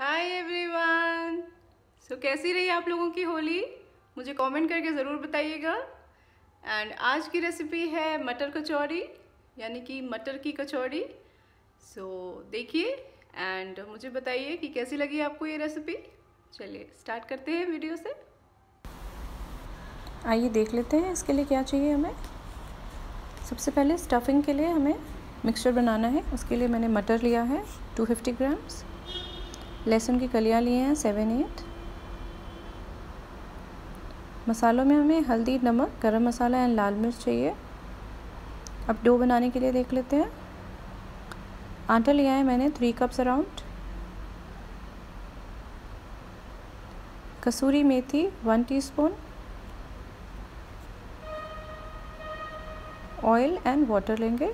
हाय everyone so कैसी रही आप लोगों की होली मुझे कमेंट करके ज़रूर बताइएगा एंड आज की रेसिपी है मटर कचौड़ी यानी कि मटर की कचौड़ी सो so, देखिए एंड मुझे बताइए कि कैसी लगी आपको ये रेसिपी चलिए स्टार्ट करते हैं वीडियो से आइए देख लेते हैं इसके लिए क्या चाहिए हमें सबसे पहले स्टफिंग के लिए हमें मिक्सचर बनाना है उसके लिए मैंने मटर लिया है 250 ग्राम्स लहसुन की कलियाँ लिए हैं सेवन एट मसालों में हमें हल्दी नमक गरम मसाला एंड लाल मिर्च चाहिए अब डो बनाने के लिए देख लेते हैं आटा लिया है मैंने थ्री कप्स अराउंड कसूरी मेथी one teaspoon oil and water लेंगे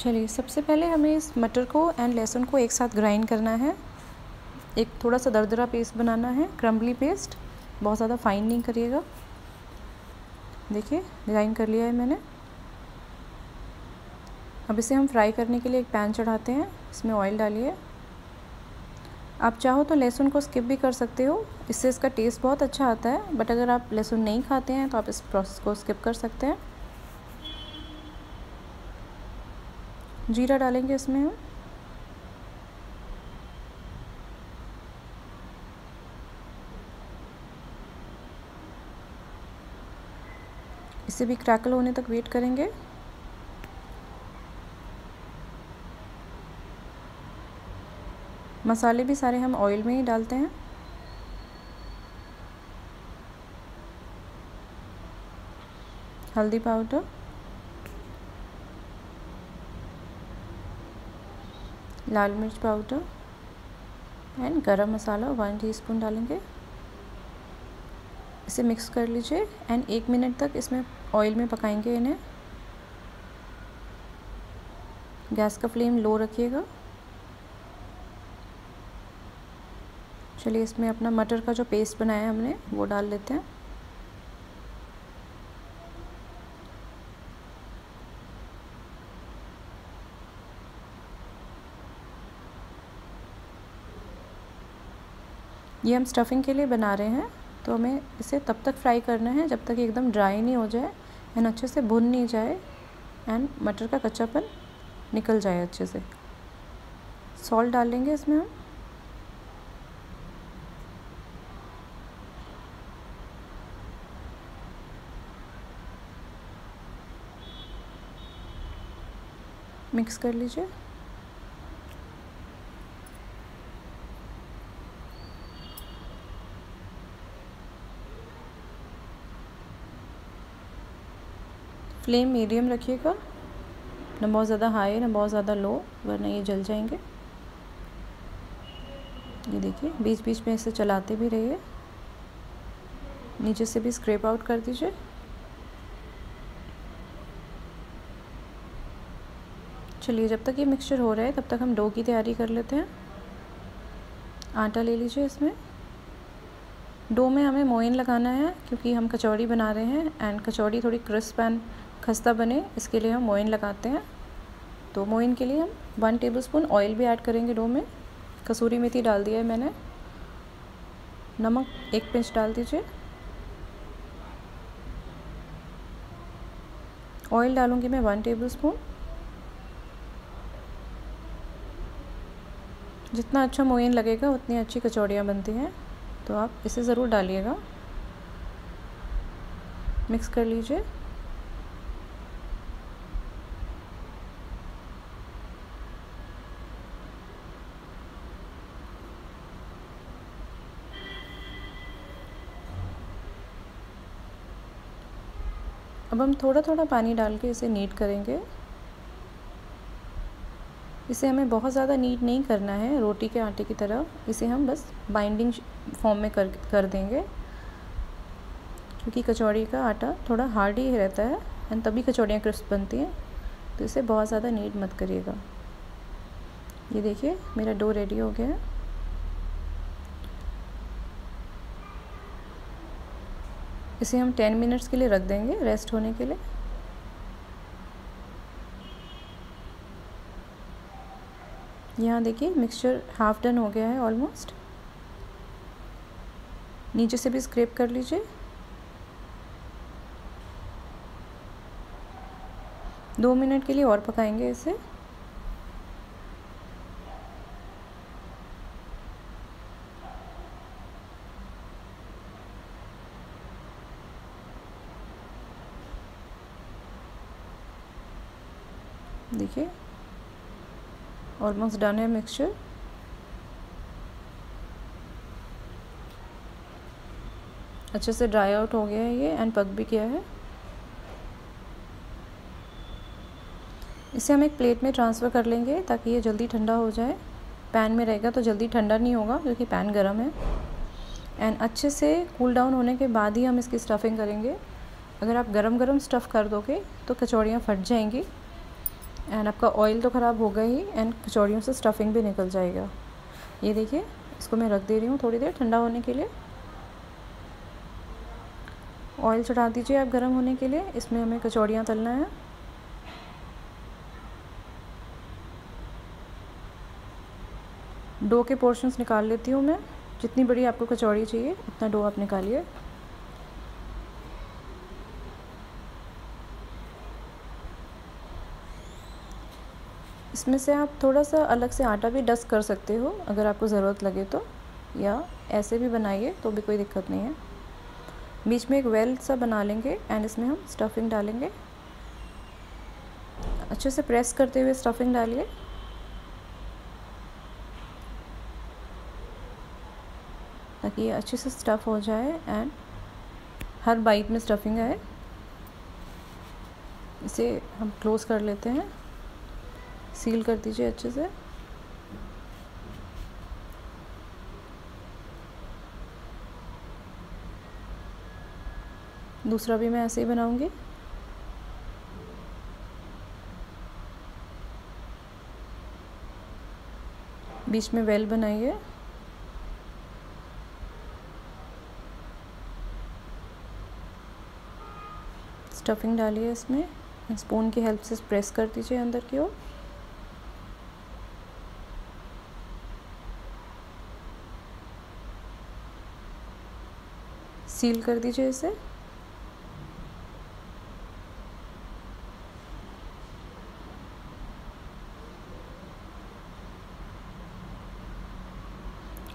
चलिए सबसे पहले हमें इस मटर को एंड लहसुन को एक साथ ग्राइंड करना है एक थोड़ा सा दरदरा पेस्ट बनाना है क्रम्बली पेस्ट बहुत ज़्यादा फाइन नहीं करिएगा देखिए ग्राइंड कर लिया है मैंने अब इसे हम फ्राई करने के लिए एक पैन चढ़ाते हैं इसमें ऑयल डालिए आप चाहो तो लहसुन को स्किप भी कर सकते हो इससे इसका टेस्ट बहुत अच्छा आता है बट अगर आप लहसुन नहीं खाते हैं तो आप इस प्रोसेस को स्किप कर सकते हैं जीरा डालेंगे इसमें हम इसे भी क्रैकल होने तक वेट करेंगे मसाले भी सारे हम ऑयल में ही डालते हैं हल्दी पाउडर लाल मिर्च पाउडर एंड गरम मसाला वन टीस्पून डालेंगे इसे मिक्स कर लीजिए एंड एक मिनट तक इसमें ऑयल में पकाएंगे इन्हें गैस का फ्लेम लो रखिएगा चलिए इसमें अपना मटर का जो पेस्ट बनाया है हमने वो डाल लेते हैं ये हम स्टफिंग के लिए बना रहे हैं तो हमें इसे तब तक फ्राई करना है जब तक एकदम ड्राई नहीं हो जाए एंड अच्छे से भुन नहीं जाए एंड मटर का कच्चापन निकल जाए अच्छे से सॉल्ट डाल लेंगे इसमें हम मिक्स कर लीजिए फ्लेम मीडियम रखिएगा ना बहुत ज़्यादा हाई ना बहुत ज़्यादा लो वरना ये जल जाएंगे ये देखिए बीच बीच में इसे चलाते भी रहिए नीचे से भी स्क्रेप आउट कर दीजिए चलिए जब तक ये मिक्सचर हो रहा है तब तक हम डो की तैयारी कर लेते हैं आटा ले लीजिए इसमें डो में हमें मोइन लगाना है क्योंकि हम कचौड़ी बना रहे हैं एंड कचौड़ी थोड़ी क्रिस्प एंड खस्ता बने इसके लिए हम मोइन लगाते हैं तो मोइन के लिए हम वन टेबलस्पून ऑयल भी ऐड करेंगे डो में कसूरी मेथी डाल दिया है मैंने नमक एक पिंच डाल दीजिए ऑयल डालूंगी मैं वन टेबल स्पून जितना अच्छा मोइन लगेगा उतनी अच्छी कचौड़ियाँ बनती हैं तो आप इसे ज़रूर डालिएगा मिक्स कर लीजिए अब हम थोड़ा थोड़ा पानी डाल के इसे नीट करेंगे इसे हमें बहुत ज़्यादा नीट नहीं करना है रोटी के आटे की तरह इसे हम बस बाइंडिंग फॉर्म में कर कर देंगे क्योंकि कचौड़ी का आटा थोड़ा हार्ड ही रहता है एंड तभी कचौड़ियाँ क्रिस्प बनती हैं तो इसे बहुत ज़्यादा नीट मत करिएगा ये देखिए मेरा डो रेडी हो गया है इसे हम टेन मिनट्स के लिए रख देंगे रेस्ट होने के लिए यहाँ देखिए मिक्सचर हाफ डन हो गया है ऑलमोस्ट नीचे से भी स्क्रेप कर लीजिए दो मिनट के लिए और पकाएंगे इसे देखिए ऑलमोस्ट डन है मिक्सचर अच्छे से ड्राई आउट हो गया है ये एंड पक भी किया है इसे हम एक प्लेट में ट्रांसफ़र कर लेंगे ताकि ये जल्दी ठंडा हो जाए पैन में रहेगा तो जल्दी ठंडा नहीं होगा क्योंकि पैन गर्म है एंड अच्छे से कूल डाउन होने के बाद ही हम इसकी स्टफ़िंग करेंगे अगर आप गरम गरम स्टफ़ कर दोगे तो कचौड़ियाँ फट जाएंगी एंड आपका ऑयल तो ख़राब होगा ही एंड कचौड़ियों से स्टफिंग भी निकल जाएगा ये देखिए इसको मैं रख दे रही हूँ थोड़ी देर ठंडा होने के लिए ऑयल चढ़ा दीजिए आप गर्म होने के लिए इसमें हमें कचौड़ियाँ तलना है डो के पोर्शंस निकाल लेती हूँ मैं जितनी बड़ी आपको कचौड़ी चाहिए उतना डो आप निकालिए इसमें से आप थोड़ा सा अलग से आटा भी डस्ट कर सकते हो अगर आपको ज़रूरत लगे तो या ऐसे भी बनाइए तो भी कोई दिक्कत नहीं है बीच में एक वेल सा बना लेंगे एंड इसमें हम स्टफिंग डालेंगे अच्छे से प्रेस करते हुए स्टफिंग डालिए ताकि ये अच्छे से स्टफ़ हो जाए एंड हर बाइट में स्टफिंग आए इसे हम क्लोज़ कर लेते हैं सील कर दीजिए अच्छे से दूसरा भी मैं ऐसे ही बनाऊंगी बीच में वेल बनाइए स्टफिंग डालिए इसमें स्पून की हेल्प से प्रेस कर दीजिए अंदर की ओर सील कर दीजिए इसे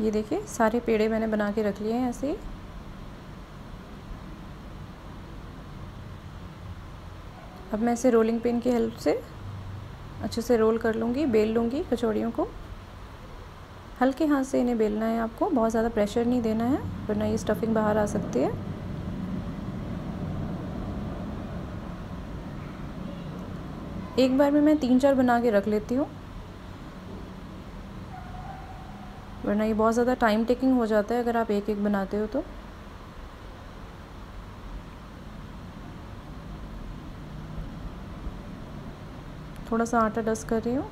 ये देखिए सारे पेड़े मैंने बना के रख लिए हैं ऐसे ही अब मैं इसे रोलिंग पिन की हेल्प से अच्छे से रोल कर लूँगी बेल लूँगी कचौड़ियों को हल्के हाथ से इन्हें बेलना है आपको बहुत ज़्यादा प्रेशर नहीं देना है वरना ये स्टफिंग बाहर आ सकती है एक बार में मैं तीन चार बना के रख लेती हूँ वरना ये बहुत ज़्यादा टाइम टेकिंग हो जाता है अगर आप एक एक बनाते हो तो थोड़ा सा आटा डस्ट कर रही हूँ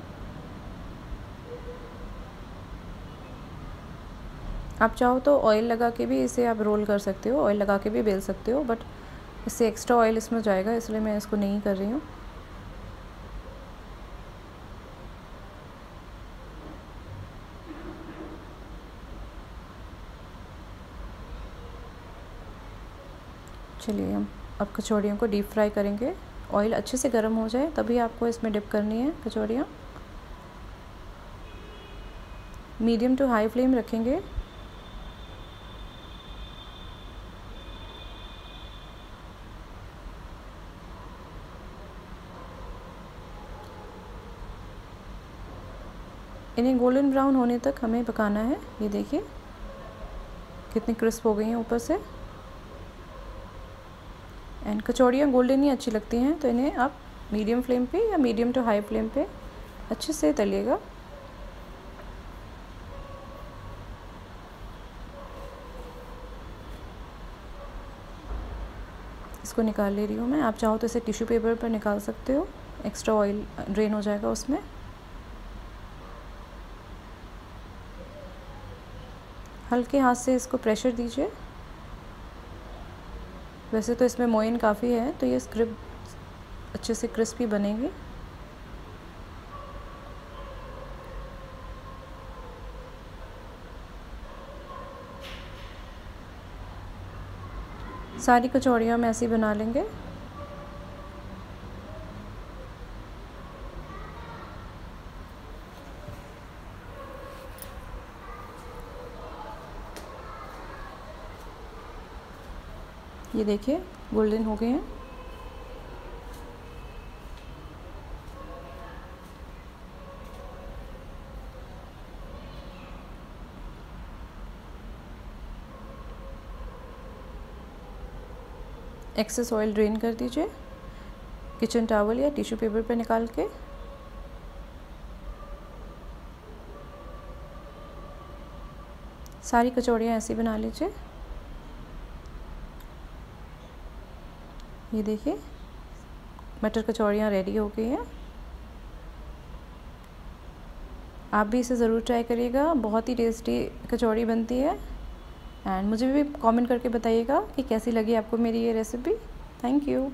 आप चाहो तो ऑयल लगा के भी इसे आप रोल कर सकते हो ऑयल लगा के भी बेल सकते हो बट इससे एक्स्ट्रा ऑयल इसमें जाएगा इसलिए मैं इसको नहीं कर रही हूँ चलिए हम अब कचौड़ियों को डीप फ्राई करेंगे ऑयल अच्छे से गर्म हो जाए तभी आपको इसमें डिप करनी है कचौड़ियाँ मीडियम टू हाई फ्लेम रखेंगे इन्हें गोल्डन ब्राउन होने तक हमें पकाना है ये देखिए कितनी क्रिस्प हो गई हैं ऊपर से एंड कचौड़ियाँ गोल्डन ही अच्छी लगती हैं तो इन्हें आप मीडियम फ्लेम पे या मीडियम टू हाई फ्लेम पे अच्छे से तलिएगा इसको निकाल ले रही हूँ मैं आप चाहो तो इसे टिश्यू पेपर पर निकाल सकते हो एक्स्ट्रा ऑयल ड्रेन हो जाएगा उसमें हल्के हाथ से इसको प्रेशर दीजिए वैसे तो इसमें मोइन काफ़ी है तो ये स्क्रिप अच्छे से क्रिस्पी बनेगी सारी कचौड़ियाँ हम ऐसी बना लेंगे ये देखिए गोल्डन हो गए हैं एक्सेस ऑयल ड्रेन कर दीजिए किचन टावल या टिश्यू पेपर पर निकाल के सारी कचौड़ियाँ ऐसी बना लीजिए ये देखिए मटर कचौड़ियाँ रेडी हो गई हैं आप भी इसे ज़रूर ट्राई करिएगा बहुत ही टेस्टी कचौड़ी बनती है एंड मुझे भी कमेंट करके बताइएगा कि कैसी लगी आपको मेरी ये रेसिपी थैंक यू